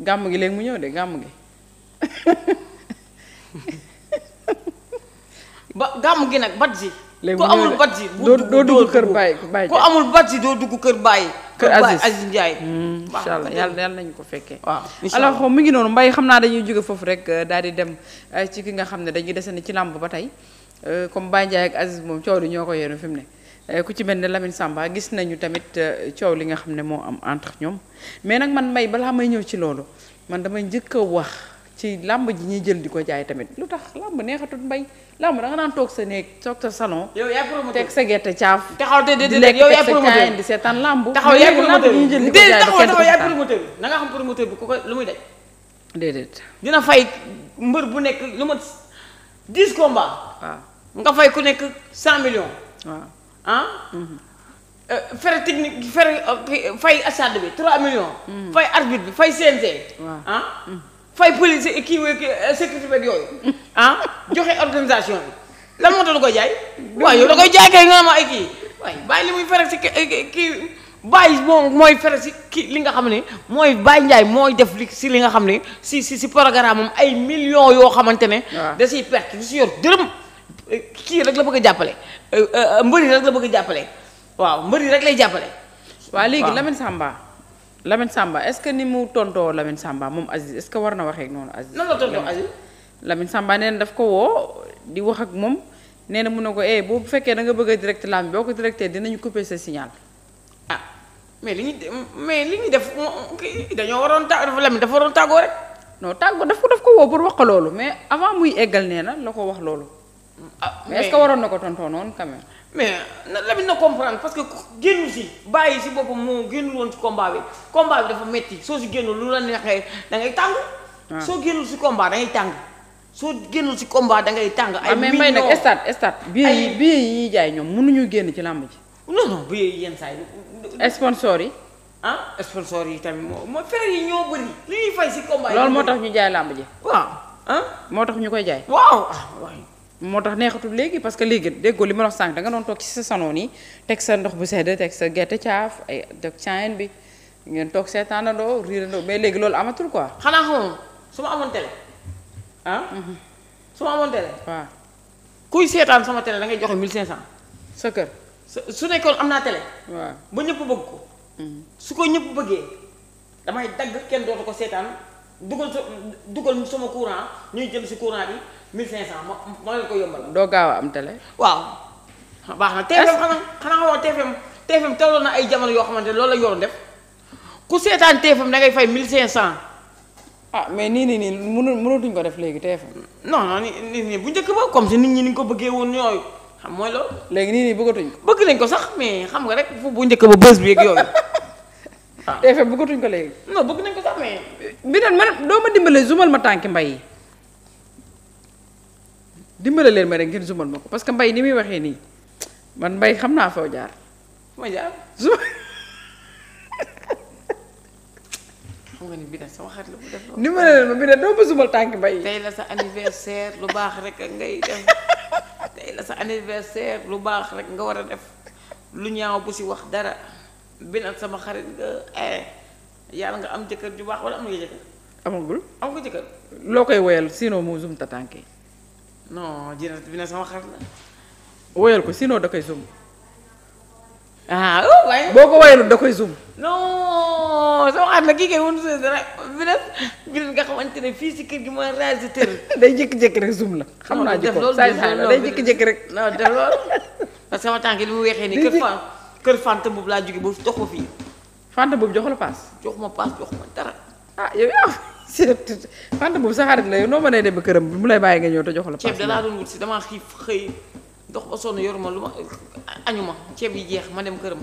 gàmm gi léegi mu ñëw de gàmm gi ba gàmm gi nag bat ji léegi ku amul bat ji doo dugg kër bàyyi bàyyi ku amul bat ji doo dugg kër bàyyi kër Aziz Aziz Ndiaye hmm, incha allah yàlla yàlla nañu ko fekkee waaw alors mu ngi noonu mbay xam naa dañuy jóge foofu rek euh, dal di dem euh, ci ki nga xam ne dañuy desandi ci làmb ba tey euh, comme Baye Ndiaye ak Aziz moom coow li ñoo ko yenu fi mu ne Eh, ku ci benn ne Lamine Samba gis nañu tamit eh, coow li nga xam ne moo am entre ñoom mais nag man may balaa may ñëw ci loolu man damay njëkk a wax ci làmb ji ñuy jël di ko jaay tamit lu tax làmb neexatul mbay làmb da nga naan toog sa néeg toog sa salon. yow yaay promoteur teg sa gerte caaf. taxaw te de de yow yaay promoteur di seetaan taxaw yaay di ko jaay taxaw taxaw yaay promoteur bi na nga xam promoteur bi ku ko lu muy daj. déedéet. dina fay mbër bu nekk lu ma 10 combats. waaw nga fay ku nekk 100 millions. waaw. ah. Euh, frais technique frais euh, fay assad bi 3 millions. Mm. fay arbitre bi fay CNG. ah mm. fay police kii wéeg euh, sécurité beeg yooyu ah? joxe organisation bi lan moo tax du ko jaay. waaw yow da koy jaay kay nga ma ay kii waaye bàyyi li muy frais si kii bàyyi moom mooy frais si kii li nga xam ni mooy Baye Ndiaye mooy def li si li nga xam ne si si si programme ay millions yoo xamante ne. da perte du si yor dërëm. kii rek la bëgg a jàppale euh, euh, mbër yi rek la bëgg a jàppale waaw mbër yi rek lay jàppale. waaw léegi Lamine Samba. Lamine Samba est-ce que ni mu tontoo Lamine Samba moom Aziz est-ce que war na waxee noonu Aziz. nan la tontoo Aziz. Lamine Samba nee na daf ko woo di wax ak moom nee na mun na ko eh bu fekkee da nga bëgg a direct lamb boo ko directé dinañu couper sa signal. ah mais li ñu mais li ñu def dañoo waroon ta Lamine dafa waroon tàggoo rek. noo tàggoo daf ko daf ko woo pour wax ko loolu mais avant muy eggal nee na la ko wax loolu. ah mais est waroon na ko tontoo noonu quand même. mais Lamine na comprendre parce que génn si bàyyi si boppam moo génnul woon si combat bi combat dafa métti soo si génnul lu la neexee da dangay tàng. Ah. soo génnul si combat da ngay tàng soo génnul si combat da ngay tàng. ay millions ah, mais may nag stade stade. billet yi billet yi ñuy jaay ñoom mënuñu génn ci làmb ji. non non billet yi yenn saa yi. sponsor yi. ah sponsor yi tamit moo moo yi ñoo bëri. li ñuy fay si combat yi loolu moo tax ñu jaay làmb ji. waaw ah. moo tax ñu koy jaay. waaw ah, moo tax neexatul léegi parce que léegi déggoo li ma wax sànq da nga doon toog ci sa sanoon yi teg sa ndox bu sedd teg sa gerte caaf ay dog caayen bi ngeen toog seetaanandoo riirandoo mais léegi loolu amatul quoi. xanaa xamoon su amoon télé ah. Mhm. su ma kuy seetaan sama télé da ngay joxe 1500. sa kër su nekkoon am naa télé. waaw ba ñëpp bëgg ko. Mhm. su ko ñëpp bëggee damay dagg kenn dootu ko seetaan dugal sa dugal sama courant ñuy jël si courant bi. 1500 ma ma leen ko yombal. doo gaaw a am télé. waaw. baax na TFM xanaa xanaa xamoo TFM TFM teeloon na ay jamono yoo xamante ne loolu la yoroon def ku seetaan TFM da mil fay cent ah mais nii nii nii mënu mënatuñ ko def léegi TFM. non non nii nii bu njëkk ba comme si nit ñi ni ñu ko bëggee woon yooyu xam mooy loolu. léegi nii nii bëggatuñ ko. bëgg nañ ko sax mais xam nga rek fu bu njëkk ba bés bi ak yooyu. waaw TFM bëggatuñ ko léegi. non bëgg nañ ko sax mais. bi doon ma dimbale zumal ma tànki mbay yi. dimbale leen ma rek ngeen zumal ma ko parce que mbay ni muy waxee nii man mbay xam naa foo jaar fu ma jaar zuma ni bi sama xarit la bu def loolu ma bi ne tànk mbay tey la sa anniversaire lu baax rek ngay def tey la sa anniversaire lu baax rek nga war a def lu ñaaw bu si wax dara bi sama xarit nga eh yàlla nga am jëkkër ju baax wala am nga jëkkër amagul am nga jëkkër loo koy woyal sinon moo zum ta non jërëjëf bi ne sama xarit la. woyal ko sinon da koy zoom. ah oh, boo ko woyalut da koy zoom. non sama xarit la kii kay woon dara bi ne bi ne nga xamante ne fii si kër gi mooy réalisateur day jékki-jékki rek zoom la. xam naa ji ko saa saa day jékki-jékki rek. non def loolu parce que sama tànk li mu weexee ni kër fan fanta boobu laa jógee ba jox ko fii. fanta boobu jox la paas. jox ma paas jox ma dara. ah yow yaa Fanta boobu sa xarit la yow noo mënee dem këram mu lay bàyyi nga ñëw te jox la. ceeb danaa doon wut si damaa xiif xëy dox ba sonn yoruma lu ma añu ma ceeb yi jeex ma dem këram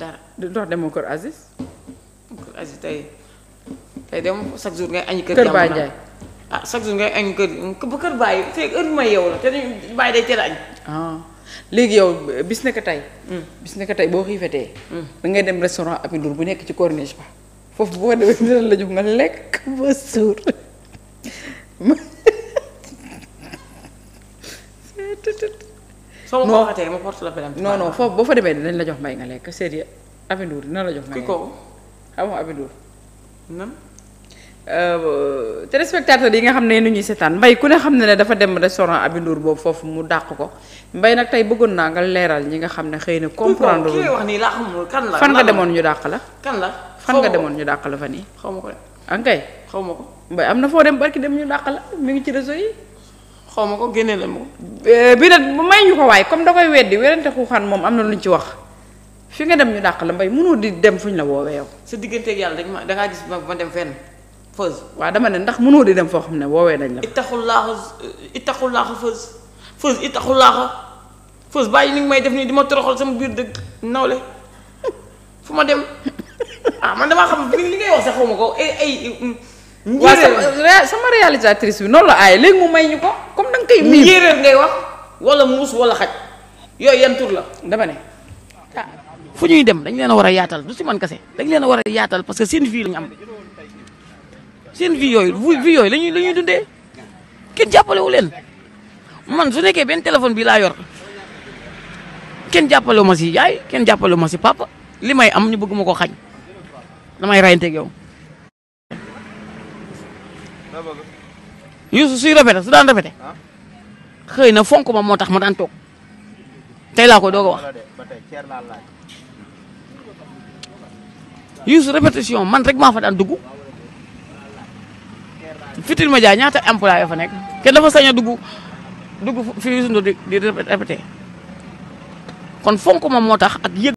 dara. dox demoo kër Aziz. kër Aziz tey tey dem chaque jour ngay añu kër. kër Baye Ndiaye ah chaque jour ngay añu kër ba kër Baye may yow la te dañuy Baye day teel añ. Ah. léegi yow bis nekk tey. Hmm. bis nekk tey boo xiifatee. Hmm. da ngay dem restaurant Abidour bu nekk ci corniche ba. foofu boo demee la jox nga lekk ba suur soo ma waxatee ma porte la plainte fa demee dinañ la jox mbay nga lekk sérieux Aby Ndour dina la jox mbay nga lekk kii ko xam nga euh, yi nga xam ne nu ñuy seetaan mbay ku ne xam ne ne dafa dem restaurant Aby Ndour boobu foofu mu dàq ko mbay nag tey bëggoon naa nga leeral ñi nga xam ne xëy na comprendre wax nii laa xamul kan la fan nga demoon ñu dàq la kan la fan nga demoon ñu dàq la fa nii xaw ma ko de ankay ah, xaw ma ko mbay am na foo dem barki dem ñu dàq la mu ngi ci réseau yi xaw ma ko génne eh, la mu ko bi nag bu may ñu ko waay comme da koy weddi werante xuuxaan moom am na luñ ci wax fi nga dem ñu dàq la mbay mënoo di dem fuñ la woowee yow sa digganteeg yàlla rek ma dangaa gis ma dem fenn fëz waaw dama ne ndax mënoo di dem foo xam ne woowee nañ la ittaqullaaha ittaqullaaha fëz fëz ittaqullaaha fëz bàyyi li nga may def nii di ma toroxal sama biir dëgg nawle fu ma dem ah man damaa xam li ngay wax sax xaw ma ko ay eh, ay. Eh, eh, mm. njéeréer sama réalisatrice bi noonu la aaye léegi mu may ñu ko comme da nga koy. miir njéeréer ngay wax wala muus wala xaj yooyu yan tur la dama ne. Ah, fu ñuy dem dañ leen a war a yaatal du si man kese dañ leen a war a yaatal parce que seen vie lañu am seen vie yooyu vie yooyu lañuy lañuy dundee kenn jàppalewu leen man su nekkee benn téléphone bi laa yor kenn jàppalewu ma si yaay kenn jàppalewu ma si papa li may am ñu bëgg ko xañ damay rayanteeg yow. Youssou suy répété su daan répété ah. xëy na fonk ma moo tax ma daan toog tey laa koy doog a wax. Youssou répétition man rek maa fa daan dugg. Futurs Médias ñaata employé fa nekk kenn dafa sañ a dugg dugg fi Youssou Ndour di di kon fonk ma moo tax ak yëg.